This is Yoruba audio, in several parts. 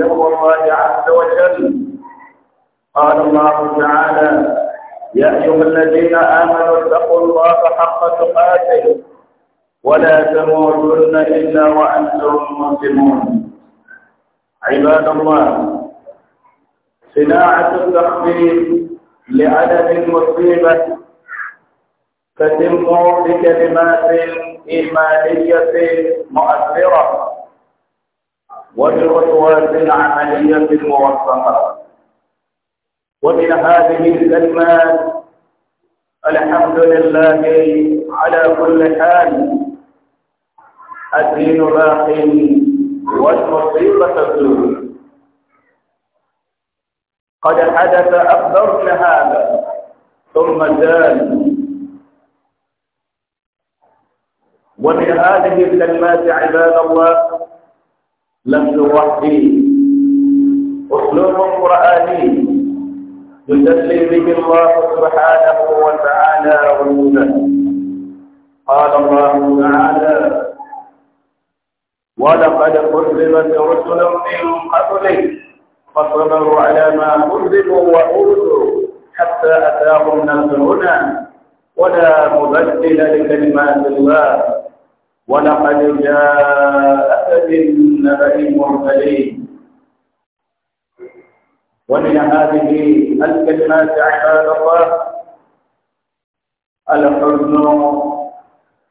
تقوى الله عز وجل قال الله تعالى يا أيها الذين آمنوا اتقوا الله حق تقاته ولا تموتن إلا وأنتم مسلمون عباد الله صناعة التخفيف لعدم المصيبة تتم بكلمات إيمانية مؤثرة والخطوات العملية الموثقة ومن هذه الكلمات الحمد لله على كل حال الدين باقي والمصيبة تزول قد حدث أكثر من هذا ثم زال ومن هذه الكلمات عباد الله لفظ وحدي أسلوب قرآني يدلي به الله سبحانه وتعالى رسوله قال الله تعالى ولقد كذبت رسل من قبلك فصبروا على ما كذبوا وأوذوا حتى أتاهم نصرنا ولا مبدل لكلمات الله ولقد جاء نبأ المرسلين ومن هذه الكلمات عباد الله الحزن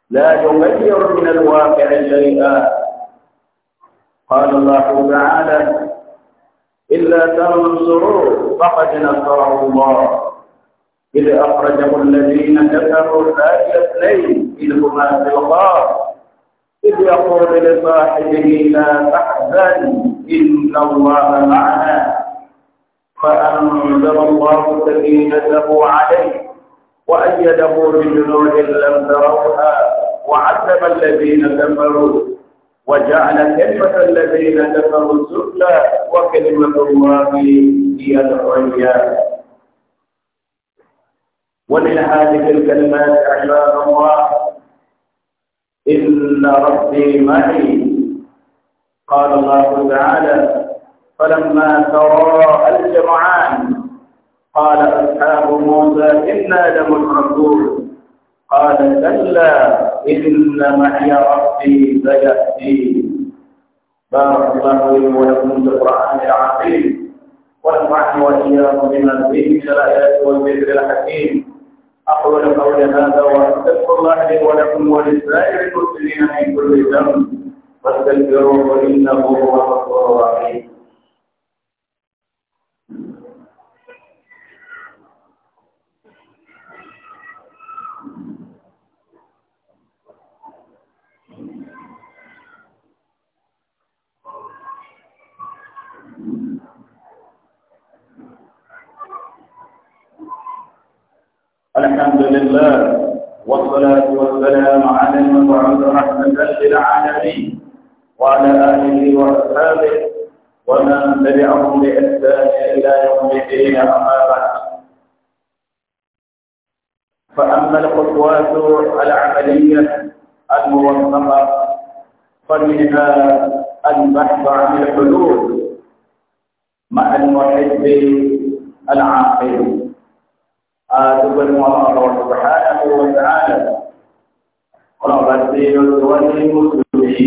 لا يغير من الواقع شيئا قال الله تعالى إلا تنصروا فقد نصره الله إذ أخرجه الذين كفروا ثاني اثنين إذ هما في الغار إذ يقول لصاحبه لا تحزن إن الله معنا فأنزل الله سكينته عليه وأيده بجنود لم تروها وعذب الذين كفروا وجعل كلمة الذين كفروا السفلى وكلمة الله هي العليا ومن هذه الكلمات عباد الله إن ربي معي قال الله تعالى فلما ترى الجمعان قال أصحاب موسى إنا لمحرقون قال كلا إن معي ربي سيأتي بارك الله لي ولكم في القرآن العظيم ونفعني وإياكم من فيه من الآيات والذكر الحكيم أقول قولي هذا وأستغفر الله لي ولكم ولسائر المسلمين من كل ذنب فاستغفروه إنه هو الغفور الرحيم الحمد لله والصلاة والسلام على المبعوث رحمة للعالمين وعلى آله وأصحابه ومن تبعهم بإحسان إلى يوم الدين أما بعد فأما الخطوات العملية الموثقة فمنها البحث عن الحلول مع المحب العاقل àdúgbò ní wọn ọ̀rọ̀ ọ̀rọ̀ ṣáájú àwọn ọ̀rọ̀ ṣáájú ọ̀rọ̀ ọ̀rọ̀ tí ó ti wọ́n ní mùsùlùmí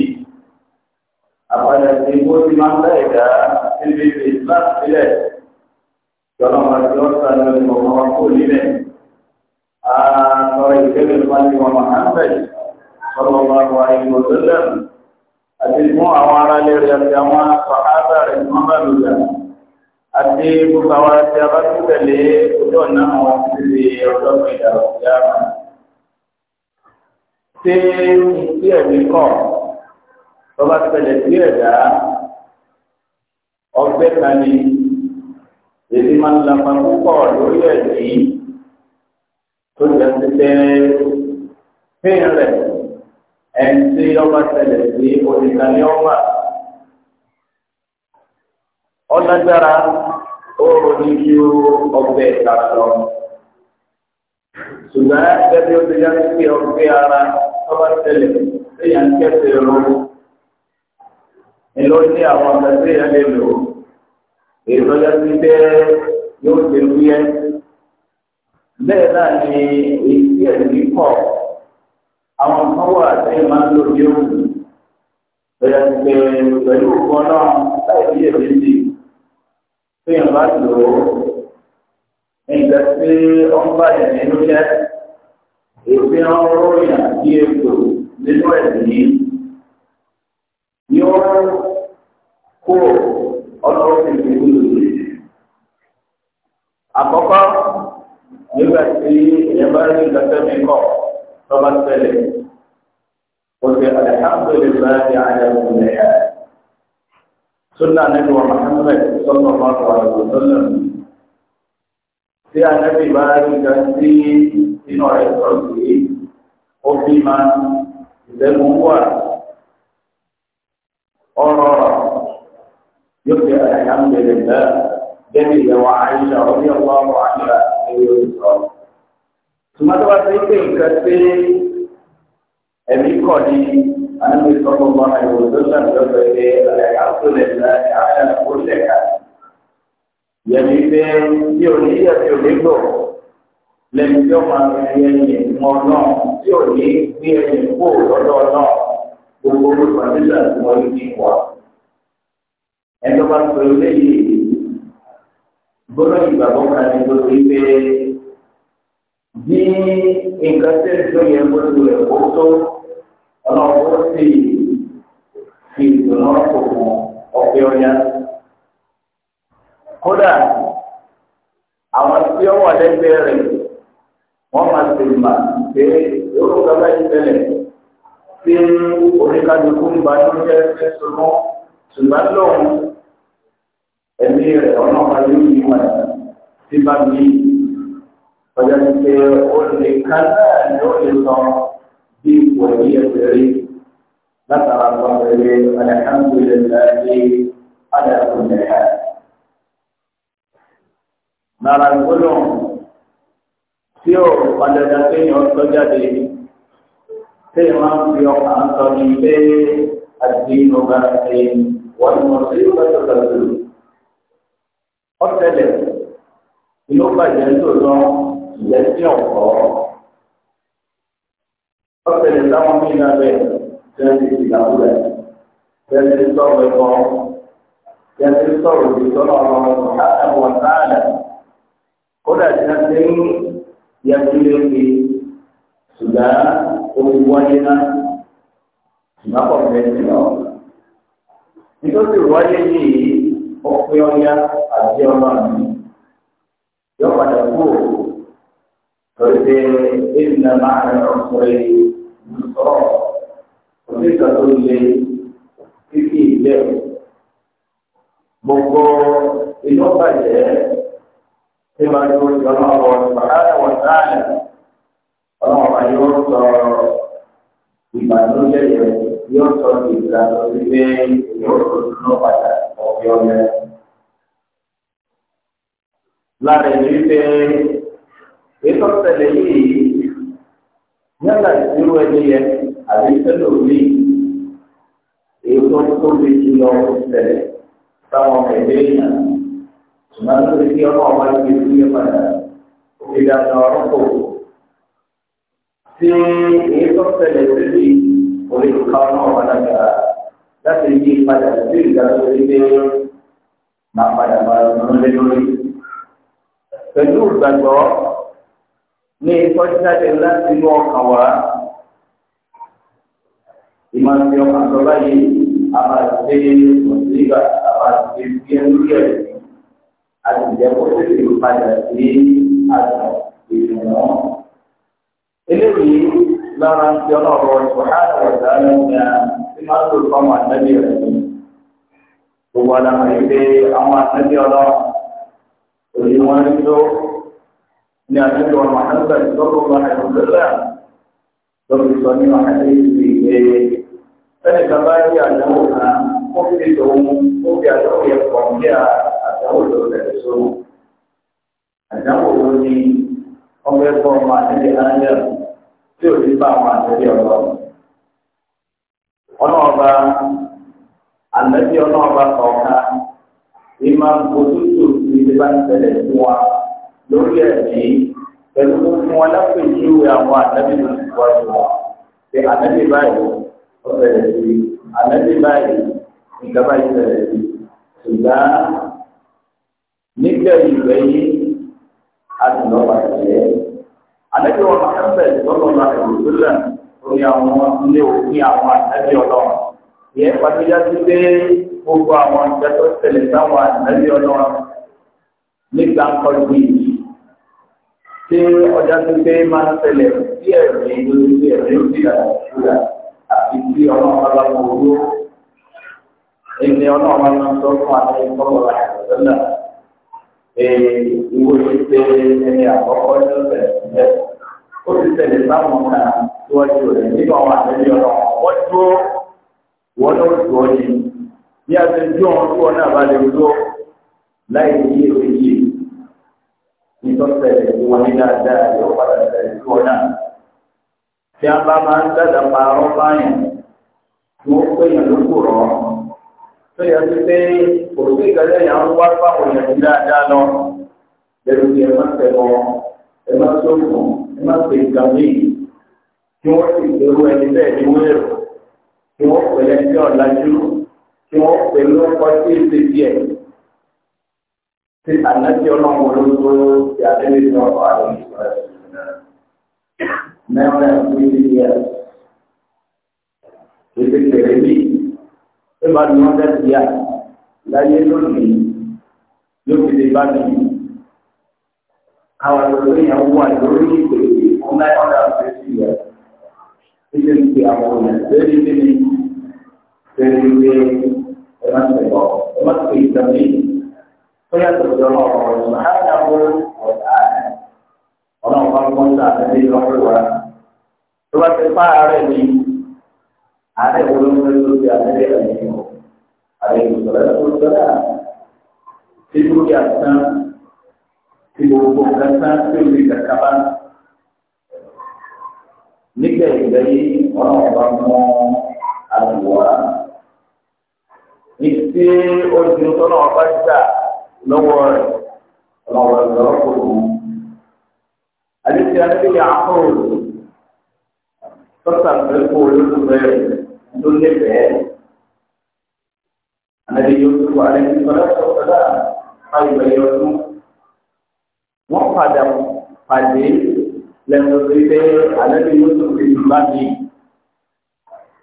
àpàdé tí ó ti máa ń bẹ́ẹ̀ dá níbi ìsìlá sílẹ̀ ìjọba máa ti wọ́n sá lórí àwọn aráàlú rẹ̀ àti àwọn àti gbogbo àwọn àti abátútẹ̀lé ojú ọ̀nà àwọn àti ọjọ́ ìdá òkúta. Ṣé ìdí ẹ̀mí kọ̀ lọ́ba tẹ̀lẹ̀ sí ẹ̀dá ọgbẹ́ kan ni èyí máa ń lapa púpọ̀ lórí ẹ̀mí tó jẹ́ títẹ́ fíìn rẹ̀ ẹ̀ ń tí ọba tẹ̀lẹ̀ sí oníkanlẹ́ ọ̀wà ọlágbára oòrùn ní bí o ọgbẹ́ ìtàkùn ọmọ ṣùgbọ́n gẹ́gẹ́ bí o ti yá sí ọgbẹ́ ara tọ́ba tẹ̀lé lẹ́yìn akẹ́kẹ́ ẹ̀rọ ẹ̀lọ́ ní àwọn akẹ́kẹ́ yẹn lè lò èso yá sí bẹ́ẹ̀ yóò ṣe wúyẹ́ bẹ́ẹ̀ náà ni èsì ẹ̀rí pọ̀ àwọn kan wà tẹ́lẹ̀ máa ń lò bí òun lọ́yà sí pé pẹ̀lú òkú ọlọ́run láì sí èmi sí i. téèyàn bá lò ó nígbà tí ó bá yẹn nínú jẹ́ èsì ń ròyìn àti nínú ni ó kó ọ̀dọ́ òfìsì wúlò yìí. Àkọ́kọ́ nígbà tí èèyàn bá rí ìgbàgbọ́ mi kọ̀ bá sunna nabi wa muhammad sallallahu alaihi wa sallam tí a nabi bá rí ga sí inú rẹ̀ sọ̀rọ̀ sí ó fi máa ìdẹ́nu wà ọ̀rọ̀ yóò fi alhamdulillah gẹ́gẹ́ ìyàwó àìsà orí ọlọ́wọ́ àìsà ẹ̀yọ́ ìsọ̀. Tùmọ́tò wá sí pé nǹkan tí ẹ̀mí kọ̀ ní النبي صلى الله عليه وسلم يقول الحمد لله على كل حال يعني في يونية يونيكو لم يوم يعني مرنا يوني يعني كل مرنا gbogbo kọndíṣà tí wọ́n yí ní wa. ẹni wọ́n pè é léyìí gbọ́dọ̀ ìgbàgbọ́ kan ní gbogbo ibẹ̀ bí nǹkan tẹ̀síọ́ yẹn gbọ́dọ̀ rẹ̀ kó tó ọlọ́run ó sì fi ìdùnnú ọkùnrin ọ̀pẹ ọ̀yá. kódà àwọn tí ó wà lẹ́gbẹ̀ẹ́ rẹ̀ wọ́n máa ti mà pé yóò gbọ́dọ̀ ìṣẹ̀lẹ̀ tí oníkàdùkú ń bá ní oúnjẹ ẹgbẹ́ sọmọ́ ṣùgbọ́n lóun ẹ̀mí rẹ̀ ọ̀nà ọ̀gá yóò yí padà sí bá mi ọjà ti pé olùkà náà ni ó lè sọ. الشريك نسأل الله الحمد لله على كل حال nara gbọ́dọ̀ tí ó padàdà kéèyàn sọ jáde kéèyàn máa ń fi ọkàn sọ ní pé àti ìnùbà ṣe wọ́n mọ̀ ọ̀sẹ̀lẹ̀ táwọn mí náà bẹ̀ jẹ́sí ìdàkúrẹ̀ jẹ́sí sọ̀rọ̀ ẹ̀kọ́ jẹ́sí sọ̀rọ̀ ìtọ́nà ọ̀rọ̀ ọ̀hánà wọ̀ sáàdà kódà jẹ́sí yẹtúlẹ́kì ṣùgbọ́n omi wáyé náà ṣùgbọ́n kọ̀ fẹ́ẹ́sì náà. nítorí wáyé yìí ọ̀pẹ ọ̀yá àti ọmọ mi yọ padà kúrò lórí pé èyí náà máa ń rọ̀ fún sọ onígbà tó lé kíkì ilé gbogbo inú bàjẹ́ tí máa ń lò sí ọlọ́run ọ̀rọ̀ bàbá wọn sáàlẹ̀ ọlọ́run ọba yóò sọ ìbànújẹ́ yẹn yóò sọ ìgbàlódé wípé yóò sọ ìdúró padà ọ̀gbìn ọ̀gbìn. lára ìlú yálà ìṣirò ẹni yẹ àbí sẹ́lẹ̀ òní èyí tó tó lè ti lọ sẹ̀lẹ̀ táwọn ẹ̀dẹ́ yàn ṣùgbọ́n tó ti ọmọ ọmọ ẹgbẹ́ tó yẹ padà òkè dàgbà ọ̀rọ̀ kò tí èyí tó sẹ̀lẹ̀ síbi òní ká ọmọ ọmọ dàgbà láti yí padà sí ìdájọ́ ilé máa padà máa lọ lórí pẹ̀lú ìgbàgbọ́ ní ìkọ́jáde láti inú ọkàn wá ìmọ̀sí ọkàn tó báyìí àbàṣe mọ̀síríkà àbàṣe bí ẹnu yẹ àtìjẹ́ kó tètè padà sí àgbà ìrìnà. eléyìí lára ń fi ọlọ́rọ̀ ṣùgbọ́n àtàwọ̀dá lẹ́yìn tí máa ń lò fọ́ọ̀mù àtẹ́bí rẹ̀ ní. gbogbo àdàmọ̀ ìgbé àwọn àtẹ́bí ọlọ́run òní wọn ń tó ní àjọyọ̀ Muhammad sallallahu alaihi wasallam lọ́pọ̀ sọ nínú àkàtẹ́ ìlú ìgbé ẹni bàbá rí àdáwò kan ó fi tòun ó fi àdáwò yẹ pọ̀ ní àdáwò tó tẹ̀lé sóhun àdáwò wo ni ọgbẹ́ bọ́ ọmọ àtẹ́lẹ̀ ayé tí ò ní bá àwọn àtẹ́lẹ̀ ọ̀rọ̀ ọlọ́ọ̀ba àlẹ́bí ọlọ́ọ̀ba kọ̀ọ̀kan ìmọ̀ òtútù ìdíbà lórí ẹ̀mí pẹ̀lú fún wọn lápèjú àwọn ànábì ló ti wájú wọn pé ànábì báyìí ó bẹ̀rẹ̀ sí ànábì báyìí nǹkan báyìí bẹ̀rẹ̀ sí ṣùgbọ́n nígbẹ̀yìn gbẹ̀yìn a ti lọ́ bàjẹ́ ànábì wọn máa ń bẹ̀rẹ̀ lọ́kọ̀ lọ́kọ̀ ìrùsílẹ̀ lórí àwọn ilé òfin àwọn ànábì ọlọ́run ìyẹn pàtẹ́jà sí pé gbogbo àwọn ìjọ tó tẹ̀lé sáwọn ànábì ọlọ́run nígbà kọjú yìí ṣé ọjà tó pé máa ń ṣẹlẹ̀ sí ẹ̀rí lórí sí ẹ̀rí sí àdúrà àti sí ọ̀nà ọ̀la gbogbo ẹni ọ̀nà ọ̀la máa ń sọ fún àti ìfọwọ́ra àtẹ̀sọ́nà ìwé ṣe ẹni àkọ́kọ́ ní ọ̀sẹ̀ ẹ̀ ó ti ṣẹlẹ̀ sáwọn kan tí wọ́n ti rẹ̀ nígbà wọn àtẹ̀lé ọ̀nà wọ́n dúró wọ́n ló dùn ni bí a ti dún ọ̀hún tí wọ́n náà bá lè dúró láì nítọ́sẹ̀ ìwọ̀n ní dáadáa yóò padà tẹ̀lé sí wọn náà. Tí a bá máa ń dàda parọ́ báyìí, tí wọ́n pè yàn ló kù rọ̀. Tó yẹ kí pé kò sí ìgbàlẹ̀ yàn ń wá fáwọn èèyàn ní dáadáa lọ. Bẹ̀rù bí ẹ má tẹ̀wọ́, ẹ má sóògùn, ẹ má pè nǹkan mí. Kí wọ́n sì gbèrú ẹni bẹ́ẹ̀ ní wúlò. Kí wọ́n pè lẹ́sẹ̀ ọ̀làjú. Kí wọ́n pè lórúkọ sí èsì díẹ̀ tí ànájẹ́ ọlọ́run olóògbé ti àdébí ní ọ̀pọ̀ àwọn ìṣòro mẹ́rin ìwé ní ẹ̀ ìdí kèrè bí ó bá ní wọ́n tẹ̀sí à láyé lónìí yóò fi lè bá mi àwọn olóògbé yẹn wà lórí ìpèsè fún náírà ọ̀dà àfẹ́sí rẹ̀ ìdí ń pe àwọn ọ̀nà lórí bí mi lórí pé ẹ má ṣe bọ̀ ẹ má ṣe ìtàn mí bóyá tòlódọ́ náà ọ̀rọ̀ ìgbà á dàbò ọ̀tá ẹ̀ ọ̀nà ọ̀gá mọ́tà àti ìlọ́pẹ̀ wa tó bá ti pa ààrẹ mi ààrẹ wo ló ń fẹ́ tó ti ààrẹ rẹ̀ yìí o ààrẹ ìgbòsọ̀rọ̀ ẹ̀ tó sọ́dà tí dúkìá tán tí gbogbo nǹkan tán tí òbí kàkà bá nígbà ìgbà yìí jà lọ́wọ́ rẹ̀ ọ̀rọ̀ ìgbọ̀rọ̀ kò wù. Àdìsí Adébíyà Akọ́rò tọ́sà fẹ́ kó olóṣùfẹ́ ló lébẹ̀ẹ́. Àdébí yóò tó wà ní ìgbọ̀rọ̀ sọ̀tọ̀dá àìgbà ìyọ̀dún. Wọ́n padà pàdé lẹ́nu sí pé Àdébí yóò tó fi bá mi.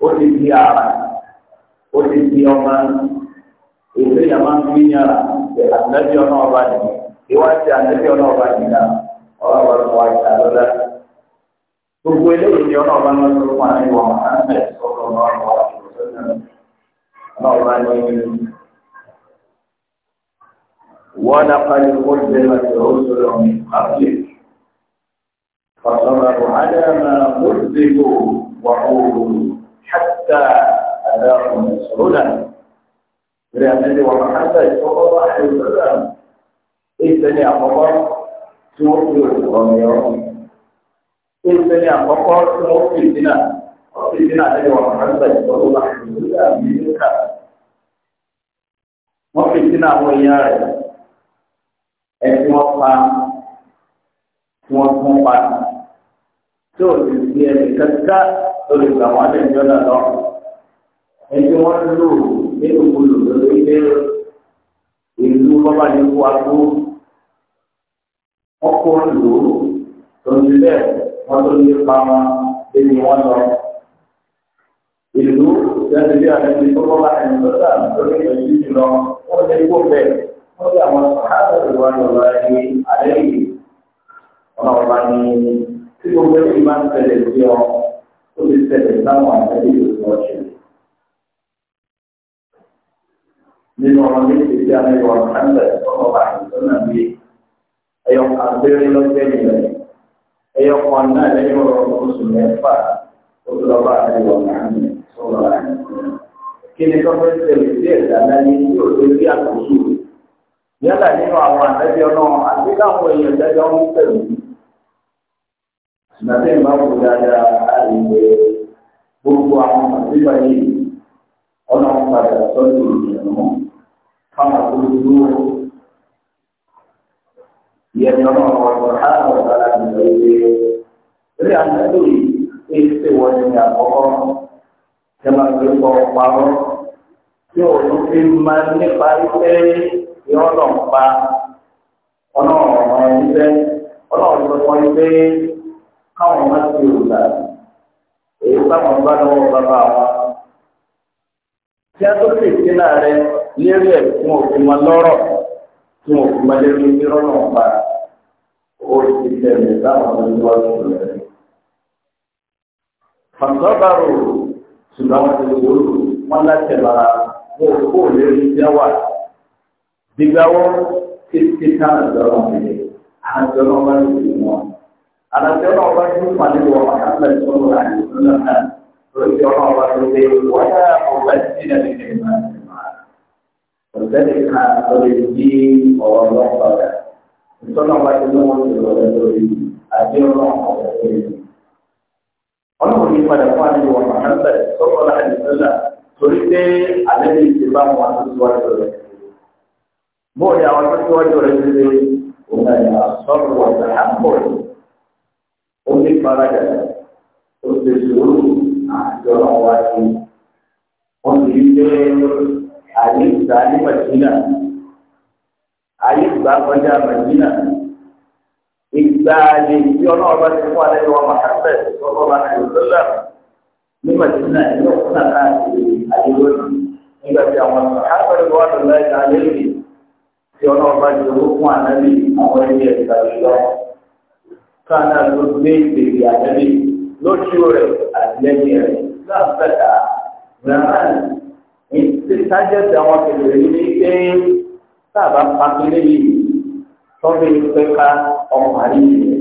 Ó ti di àrà, ó ti di ọmọ, èso ìyàmá fi ń yàrá. àtúnábí ọ̀nà ọba nìyí ìwádìí àtúnábí ọ̀nà ọba nìyí náà ọ̀rọ̀ ọ̀rọ̀ wa ìta lọ́la. gbogbo eléyìí ni ọ̀nà ọba náà tó fún àwọn ìwà mọ̀hánmẹ́ ọ̀rọ̀ ọ̀rọ̀ ọ̀rọ̀ ọ̀nà ọba nìyí. wọ́n dákàlí kóòtù ẹ̀rọ ìṣòro ọ̀hún àbúlé. فصبروا على ما مذبوا وعوروا حتى أذاقوا نصرنا Dari ndị Muhammad Sallallahu Alaihi Wasallam Ìsẹ̀lẹ̀ àkọ́kọ́ tí wọ́n fi ọ̀rọ̀ ọ̀rọ̀ Ìsẹ̀lẹ̀ àkọ́kọ́ tí wọ́n fi ìdínà ọ̀fi ìdínà Nabi Muhammad nínú olùdókòwò ilé ìlú bọ́bá ní kó agbó ọkọ̀ lò ó lọ́dún bẹ́ẹ̀ wọ́n tó ní pa wọn lẹ́yìn wọn lọ. ìlú ìdájọ́ bí àwọn ẹni tó bọ́bá ẹni tó dà lórí ìlú yìí lọ wọ́n lè kó bẹ́ẹ̀ wọ́n lé àwọn sàkádà ìwà lọ́la ẹni alẹ́ yìí wọn náà bá ní tí gbogbo ẹni máa ń tẹ̀lé sí ọ ó lè tẹ̀lé sáwọn àtẹ̀lé ìlú ọ̀ṣun. nínú ọmọ méjì tí a ní wọn kánlẹ̀ ọmọ báyìí tó náà bí ẹyọ àgbérí lọ́jọ́ ìrẹ̀ ẹyọ kan náà lẹ́yìn ọ̀rọ̀ oṣù mẹ́fà oṣù lọ́ba àti wọn kánlẹ̀ sọ̀rọ̀ láyé. kí ni kọ́fẹ́ tẹ̀lé sí ẹ̀dá náà ní tí ò lè rí àkóso yálà nínú àwọn àdájọ́ náà àti káwọn èèyàn dájọ́ ń tẹ̀lé. Nàbẹ́ ìbáwò dáadáa àìwé ọ̀nà padà sọ́dọ̀ ìrìnà kama kulijua yẹnyẹ ọmọ ọmọ hàn ọba láti lọ ilé lórí àtúntò yìí èyí ṣe wọ ẹni àkọ́kọ́ ṣe máa gbé kọ parọ́ tí òun fi máa nípa iṣẹ yọ lọ pa ọlọ́run ọmọ ẹgbẹ́ ọlọ́run tó kọ ẹgbẹ́ káwọn má ti rò dà èyí táwọn bá lọ́wọ́ bàbá wọn tí a tó fi ìdílé rẹ lérí ẹ̀ tí wọn fi máa lọ́rọ̀ tí wọn fi máa lérí nírọ̀ náà pa ó ti tẹ̀lé táwọn ọmọ ìlú ọdún rẹ̀. Fàtọ́bàrò ṣùgbọ́n wọn ti wò ó wọn láti bára wọn ò kó lérí jẹ́wà. Dìgbàwọ́ títí táwọn ìjọba wọn lè àjọyọ̀ wọn lè fi wọn. Àlàjọ náà wá ní ìpàdé wọn àkàtà ìṣòro àti ìṣòro náà lórí ọlọ́run wá lórí wáyà ọ̀gbẹ́sì náà lè fi máa ọ̀sẹ̀lẹ̀ ká lórí bí ọ̀rọ̀ lọ́kọ̀ọ̀dà ìtọ́nà wa ti lọ́wọ́ ti lọ́wọ́ lórí àbí ọlọ́run ọ̀rọ̀ lórí. ọlọ́run ní padà fún àlejò wọn mọ̀hánsẹ̀ sọ́kọ́ láti sọ́là torí pé alẹ́ ní ti bá wọn àtúntúwájú rẹ̀. bóòlù àwọn àtúntúwájú rẹ̀ ti lé òun àyà sọ́rọ̀ wọn sàhámbòrì ó ní farajà ó ti sùúrù àjọ ọ̀wá sí. wọ́n ti rí pé àyè gbà ní Madina ayé gbà kọjá Madina ìgbà lè fi ọlọ́run bá ti fún alẹ́ wọn màkàtẹ́ ọlọ́run bá ti lò lọ́lá ní Madina ẹ̀yọ́ fún àká àyè lónìí nígbà tí àwọn sàhábàrì wà lọ́lá ìta lẹ́yìn tí ọlọ́run bá ti lò fún ànábì àwọn ẹni ẹ̀ka lọ kánà ló gbé ìgbèrè ànábì lójú rẹ̀ àtìlẹ́yìn rẹ̀ láǹfẹ̀dà rẹ̀ ti tájẹ̀tì àwọn kèlèrè yìí ní pé sáàbà pàkínlẹ̀ yìí tọ́lé pẹ́ka ọkùnrin yìí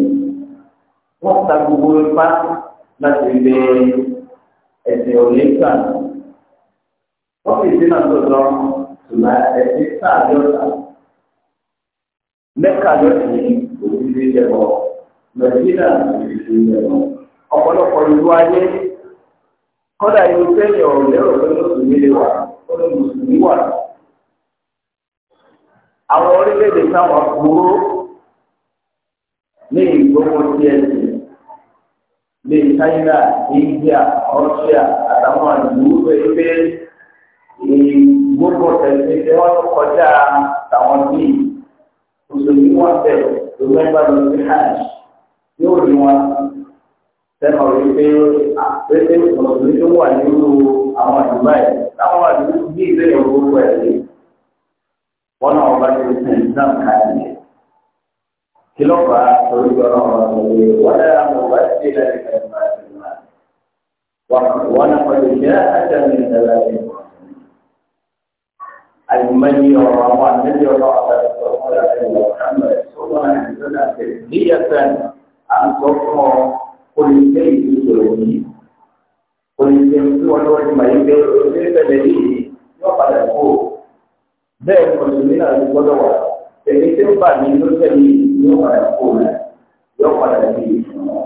wọ́n ta gbogbo ipá láti lè ẹ̀sìn òlẹ́kà wọ́n fi sínú àtọ̀tọ̀ ṣùgbọ́n ẹ̀sìn sáàbì ọ̀tà mẹ́ka lọ́sìn òṣìṣẹ́ jẹ̀bọ̀ mẹ́sìnà òṣìṣẹ́ jẹ̀bọ̀ ọ̀pọ̀lọpọ̀ ìlú ayé kọ́dà yóò fẹ́ yọ̀ ọ̀rẹ́ òṣèlú òṣèlú wa ọ̀dọ̀ mùsùlùmí wà. Àwọn orílẹ̀-èdè táwọn burú ní ìgbógun ti ẹ̀sìn bíi India, Russia àtàwọn ìlú pẹ̀lú pé ìgbógun tẹ̀sí tí wọ́n kọjá táwọn bíi mùsùlùmí wọ́n bẹ̀rẹ̀ tó mẹ́gbàá lọ sí hajj yóò rí wọn sẹ́mọ̀ rí pé àpẹẹrẹ mọ̀tòmí tó wà nínú àwọn àdúgbà ẹ̀ táwọn àdúgbò ní ìbéèrè orúkọ ẹ̀ lé wọn náà bá ti sìn náà káàdì kí ló fà á torí gbọ́dọ̀ wọn lè wọ́n dára mọ̀ wá sí ilẹ̀ ìfẹ́ wọn náà pẹ̀lú ìṣẹ́ àtẹ̀mí ìdàgbà ẹ̀ àyùmáyé ọ̀rọ̀ àwọn àmẹ́lẹ́ ọ̀rọ̀ àbẹ̀sọ̀ ọ̀rọ̀ àbẹ̀sọ̀ ọ̀rọ̀ àbẹ̀sọ̀ ọ̀rọ̀ ọ̀rọ̀ àbẹ̀sọ̀ ọ̀rọ̀ àbẹ̀sọ̀ ọ̀rọ̀ àbẹ̀sọ̀ ọ̀rọ̀ ó lè jẹ́ ìlú sọ̀rọ̀ yìí ó lè jẹ́ tí wọ́n lọ́wọ́ ní màá gbé oṣù tẹ̀lé yìí yóò padà kó bẹ́ẹ̀ mùsùlùmí náà ti gbọ́dọ̀ wà tẹ̀lé tí ó bà ní ló tẹ̀lé yóò padà kó rẹ̀ yóò padà sí ìṣúná.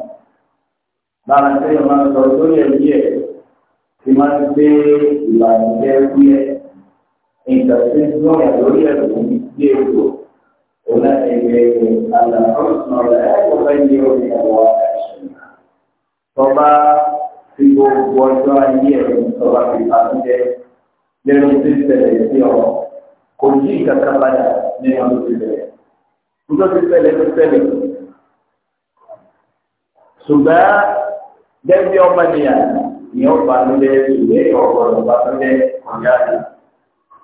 Lára tí wọ́n máa ń sọ lórí ẹ̀mí ẹ̀ ti máa ń gbé ìlànà jẹ́ fúyẹ́ nǹkan tí ń dún ẹ̀ lórí ẹ̀rù ní èkó. Òun náà ti tọba tí gbogbo ọjọ́ ayé ẹ̀ tọba fi bàtújẹ́ lẹ́nu tí ṣẹlẹ̀ sí ọ kò yí ìkàkà padà nínú ọdún tí bẹ̀rẹ̀. Nítorí tí ṣẹlẹ̀ ti ṣẹlẹ̀. Ṣùgbọ́n gẹ́gẹ́ ọmọ nìyàn ni ó bàtújẹ́ ìwé ọ̀gọ̀rọ̀ bàtújẹ́ ọ̀yá rẹ̀.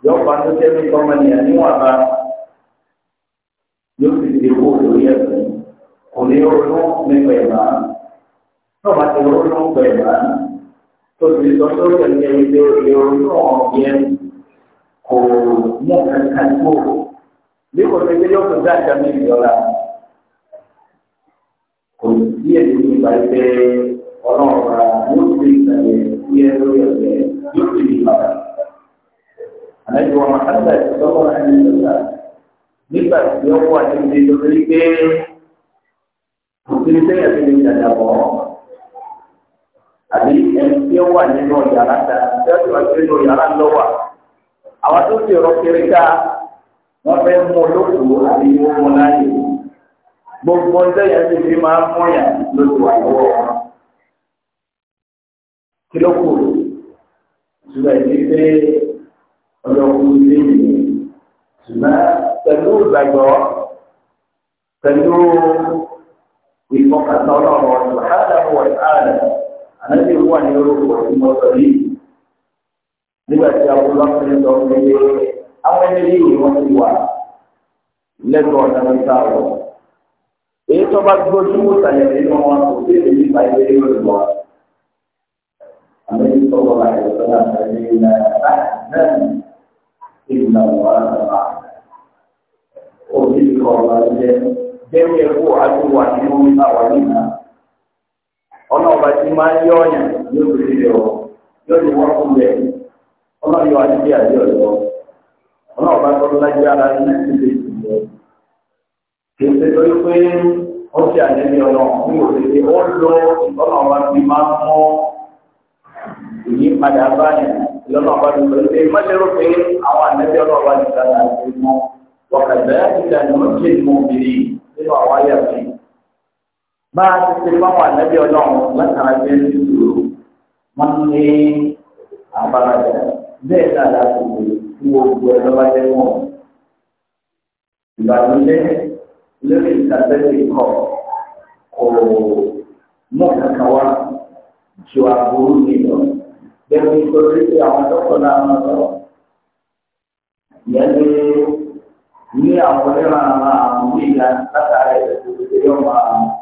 Yọ bàtújẹ́ ní ọmọ nìyàn níwọ̀n bá yóò sì ṣe owó lórí ẹ̀sìn. Kò ní ronú nípa ìmọ̀ náà bá ti lọ́wọ́ ló ń bẹ̀rẹ̀ wá tó ti sọ tó tẹ̀lé ilé èrò náà yẹn kò mú kankan kó bí kò tẹ̀lé yóò tó dá ìjà mi ìjọra kò sí èdè ní ìgbà yìí pé ọlọ́run ra yóò fi ìgbàlẹ̀ sí ẹ lórí ọ̀gẹ́ yóò fi ìgbàlẹ̀. Àlejò àwọn àgbà ìsọ́kọ̀ ẹni ìjọba nígbà tí ó wà ní ìdíje lórí pé kò sí ní sẹ́yìn àti ní ìjàdàbọ̀ àbí ẹni wà nínú yàrá ta ẹni wà nínú yàrá lọ́wọ́ àwọn tó ti rọ kiri ká wọn fẹ́ mú olókùú àbí wọn mú láàyè gbogbo ọjọ́ yẹn ti fi máa mú yàn lóṣù àlọ́wọ́ kí ló kù ṣùgbọ́n ìdí pé ọlọ́kùn lè ní ṣùgbọ́n pẹ̀lú ìgbàgbọ́ pẹ̀lú ìfọkàtà ọlọ́run ọ̀sán àdàbọ̀ ìhàlẹ̀ ànábì wà ní orúkọ tí mo sọ yìí nígbà tí abúlọ́pẹ́ sọ pé àwọn ẹni yìí wọ́n ti wà lẹ́gbọ̀n náà sá lọ. èyí tó bá gbójú mú sàyẹ̀ nínú wọn kò sí èyí nípa ilé yóò lọ. ànábì sọ̀rọ̀ láti ọ̀sán náà ní ilẹ̀ náà ìgbà wọn àgbà. òbí kọ̀ ọ̀la jẹ́ bẹ́ẹ̀ yẹ kó àdúrà nínú ìbáwá yìí náà ọlọ́ọ̀bá tí máa ń yọ ọ̀yàn yóò fi rí ọ yóò ní wọ́n fún bẹ́ẹ̀ ọlọ́ọ̀yọ́ àti àti ọ̀yọ́ ọlọ́ọ̀bá tó lájú ara ní ìdílé ìdílé kì í ṣe torí pé ó ṣe àjẹmí ọ̀nà ní òṣèlú ó lọ ìtọ́nàwá tí máa ń mọ́ ìyípadà báyìí lọ́nàwá tó lọ sí mọ́lẹ́rọ̀ pé àwọn àjẹmí ọlọ́ọ̀bá ti dára sí mọ́ wọ̀kàtà ìdánimọ̀ bá a ti ṣe fáwọn ànábì ọlọ́run látara jẹ́ nítorí wọ́n ní àbáradà bẹ́ẹ̀ náà láti wò fún gbogbo ẹ lọ́ba jẹ́ wọn. ìbànújẹ́ lórí ìtàgbẹ́sẹ̀ kọ̀ kò mú kankan wá ju àbúrú mi lọ. bẹ́ẹ̀ ni torí pé àwọn dọ́kọ̀ náà máa sọ ìyẹn ní ní àwọn onírànà àwọn ìlànà látara ẹ̀ tó ti ṣe yọ̀ máa.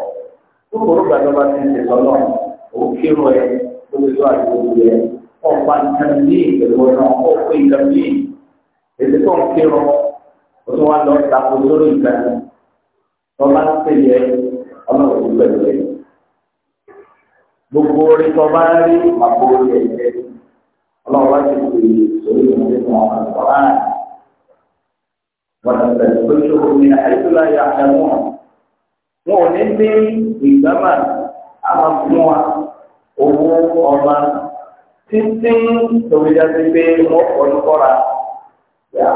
kókòrò gbàdọ́gba ti ń ṣe lọ́nà òun kírun ẹ lóṣù àdúgbò yẹ ọ̀pá nǹkan ní ìpẹ̀lú ọ̀nà ọ̀pọ̀ nǹkan ní èdè tó ń kírun ó tún wá lọ tako sórí nǹkan lọ́ba ń tẹ̀lé ọ̀nà òkú pẹ̀lú ẹ. gbogbo orí tó bá ń rí àpò orí ẹ̀jẹ̀ ọlọ́wọ́ ti pè é sórí ìwé wọn àgbọ̀n láàrin. wọ́n wọn ò ní ní ìgbàmà àwọn fún wa owó ọba títí tòmídàtí pé wọn kọ ní kọra yá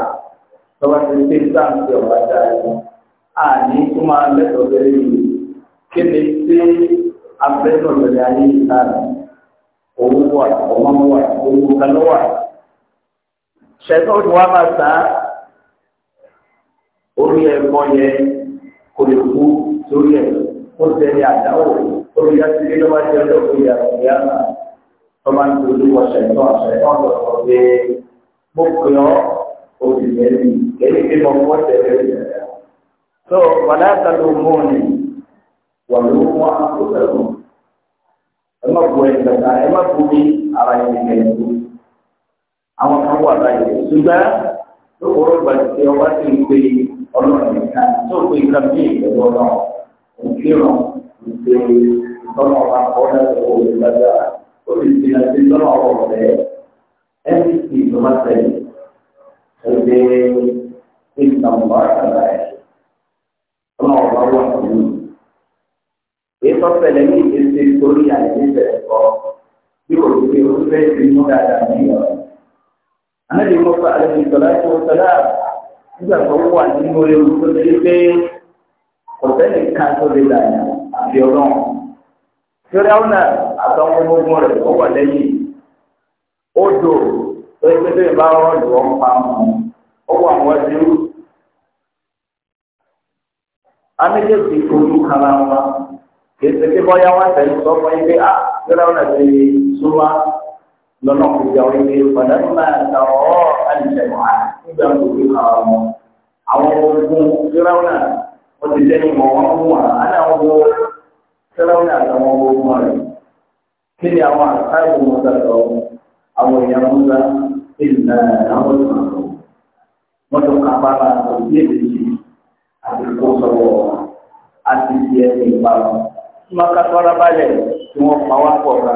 tọba ti pé sáǹtì ọba dá ẹ̀kọ́ àní tó máa lẹ́tọ̀ọ́ lórí kéde sí abẹ́tọ̀ lórí ayé ìlànà owó wà ọmọ wà owó kaná wà ṣẹ̀tọ́ ni máa ta orí ẹ̀kọ́ yẹn kò lè kú sórí ẹ̀ ó tẹ̀lé àdáwò olùyá ti dé lọ́wọ́ jẹ́ ọjọ́ òkúyà ìyá náà tó máa ń tó olúwọ̀ ṣẹ̀tọ́ ṣẹ̀tọ́ ọ̀dọ̀ pé mo pè ọ́ obìnrin ẹni kẹ́lí pé mo fọ́ tẹ̀lé ìyá tó wàlá àtàlù mọ́ọ̀nì wà ló mú àkókò ẹ má bu ẹ̀ka ẹ má bu mi ara ẹni kẹ́lí àwọn kan wà láyé ṣùgbọ́n lóòrò gbàgbé ọba ti ń pe ọlọ́run nìkan tó pe nǹkan bí ìkírun ìpè ìtọ́nà ọba ọ̀dà ìwò ìgbàgbà ó lè fi àti ìtọ́nà ọba ọ̀rẹ́ ndc tó máa tẹ̀lé ẹgbẹ́ ìgbàmbá àgbà ẹ̀ tọ́nà ọba wà nínú. ètò ọ̀sẹ̀lẹ̀ ní ìdíje torí àìsí ìbẹ̀rẹ̀ kọ́ bí kò sí o fẹ́ fi mú dáadáa ní ìyọ̀. àná ìdí mọ́fà àlejò ìtọ́lá ìtọ́lá nígbà tó wà nínú ewu tó ti rí pé ọ̀sẹ̀ nìkan tó lè là yàn àfi ọlọ́run torí àwọn náà àtàwọn ọmọ ogun rẹ̀ ó wà lẹ́yìn odò tó yẹ pé tó yẹ bá rọ́ọ̀lù wọn pa wọn ó wà wọn dúró amédèjì ojú kara wa kèsì pé bọ́yá wọn tẹ̀lé sọ fún yín pé à yọ̀rọ̀ àwọn àti súnmọ́ lọ́nà kò jẹ́ wọn pé padà ní máa ta ọ̀ọ́ àlùfẹ́ wọn nígbà tó ojú kara wọn àwọn ogun yọ̀rọ̀ àwọn àti wọ́n ti lẹ́nu mọ̀ wọ́n mú wa àná àwọn owó sẹ́lẹ̀wọ̀n àtàwọn owó mú wa rẹ̀. kí ni àwọn àtàwọn ọmọ sàtọ̀ àwọn èèyàn múlá ìlànà àwọn ìmọ̀ràn wọ́n tó ká bára òbí èdèjì àti kó sọ̀rọ̀ àti ìdí ẹni ìparun. tí wọ́n ká tọ́ra balẹ̀ tí wọ́n pa wá pọ̀ ra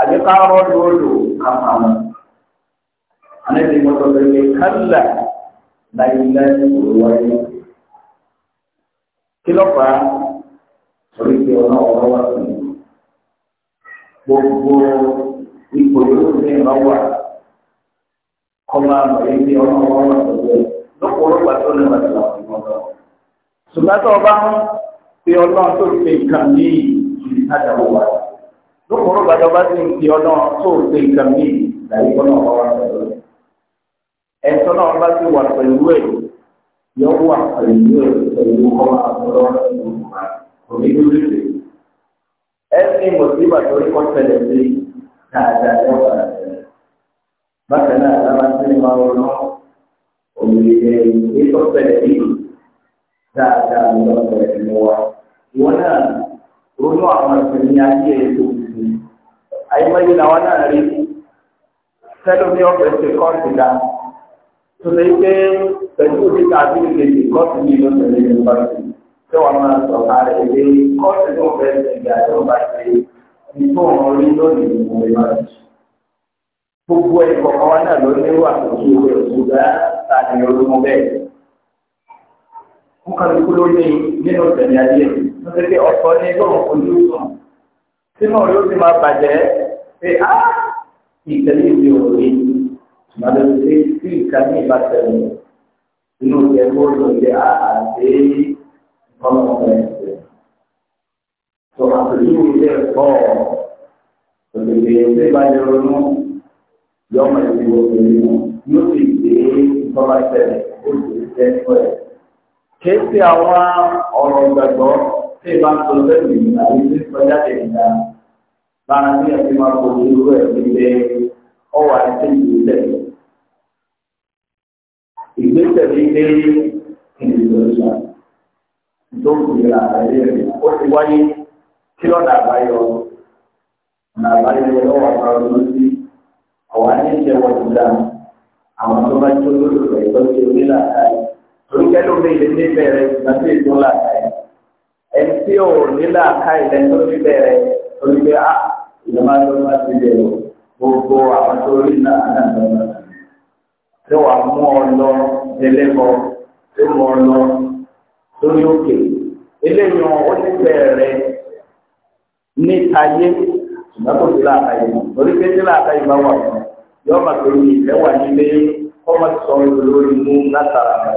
àti ká rọ́ lóòlò ká pa wọn. àná ìdí mọ́tò lè kálà láyé láyé òwúrọ̀ yìí kí ló fà á torí pé ọ̀nà ọ̀rọ̀ wà sí gbogbo ipò yóò ní ìrànwọ́ kọ́ máa mọ̀ yí pé ọ̀nà ọ̀rọ̀ wà sí ọ̀rọ̀ lọ́pọ̀lọpọ̀ tó lè wà sí ọ̀rọ̀ ṣùgbọ́n tó o bá ń pe ọlọ́run tó pe nǹkan ní ìdájọ́ wà lọ́pọ̀lọpọ̀ tó bá ti ń pe ọlọ́run tó pe nǹkan ní ìdájọ́ wà ẹ̀sọ́ náà ẹ̀ yọwọ́ àpàlẹ́yìn rẹ̀ pẹ̀lú kọ́ àtọ́rọ́ onídùúrẹ́sẹ̀. ẹ̀sìn mùsùlùmí tó rí kọ́tẹ̀lẹ̀ sí dáadáa yọwọ́ àtẹ̀lẹ̀. bákan náà lára sí ni máa ronú òmìnira ní tọ́tẹ̀lẹ̀ yìí dáadáa lọ́tọ̀ ẹ̀mí wa. ìwọ náà ronú àwọn ìpínlẹ̀ ayé ètò ìsìn. àyè mọ́yìlá wa náà rí sẹ́lómi ọ̀fẹ́ ṣe kọ́ọ̀tì dáa tó lè pé pẹ̀lú òṣìṣẹ́ àti ìgbèjì kọ́ọ̀tù ní ìlú tẹ̀lé ní ọba ìṣe tí wọ́n máa sọ káàrẹ̀ ilé kọ́ọ̀tù tó fẹ́ ṣẹ̀gbẹ̀ àti ọba ìṣe ní tó ń rí lónìí ní ìwé máa ṣe. gbogbo ẹ̀kọ́ kan wá náà ló ní wà lókè ìwé òṣùgbà tàbí olómọ bẹ́ẹ̀. wọ́n kàn ní kú lórí nínú tẹ̀lé ayé tó ṣe pé ọ̀pọ̀ ní gbọ́n ojú sùn sínú yóò ti máa bàjẹ́ pé á ah! ìtẹ̀lé ìwé òṣèlú màdé ṣe tí nǹkan ní ìbátan inú ìyẹ kó lò lé àti ọmọ ọmọ ẹsẹ tó àpèjú ilé ẹ̀kọ́ òdòdó ẹgbẹ ìbájọ ronú yọmọ ìdìbò pẹ̀lú yóò sì gbé ìfọwọ́sẹ̀ olùdíje ẹ̀kọ́ ẹ̀. kéèsì àwọn ọ̀rọ̀ gbàgbọ́ tí ìbá ń sọ lẹ́nu ìgbàlódé tí sọjáde ìgbà bá ń bí ẹ̀sìn máa kó irú ẹ̀ nílé ọwọ́ àti ìgbésẹ̀ ìgbésẹ̀ ní pé ìdìbò ìṣà tó kù ìlà àìlè rẹ̀ ó ti wáyé kí lọ́nà àbáyọ ọ̀nà àbáyọ lọ́wọ́ àwọn ọdún sí ọ̀wá ní ìṣẹ́ wọn ti dá àwọn tó bá jó lórí rẹ̀ lọ́sí onílà àtàyè oríkẹ́lẹ́ omi ìlú ní bẹ̀rẹ̀ láti ètò ńlá ẹni tí ò nílà àtàyè lẹ́nu tó ní bẹ̀rẹ̀ orí á ah, ìjọba tó bá ti bẹ̀rẹ̀ gbogbo àwọn tó rí náà náà lọ́nà yóò wá mú ọ lọ lẹ́lẹ́bọ yóò mú ọ lọ lórí òkè eléyìí ó ti bẹ̀rẹ̀ ní ayé ṣùgbọ́n sí láàkàyè lórí pé sí bá wà fún yóò máa pè ní ìfẹ́ wà nílé ọmọ sọ lórí mú látara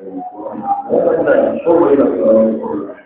Thank you.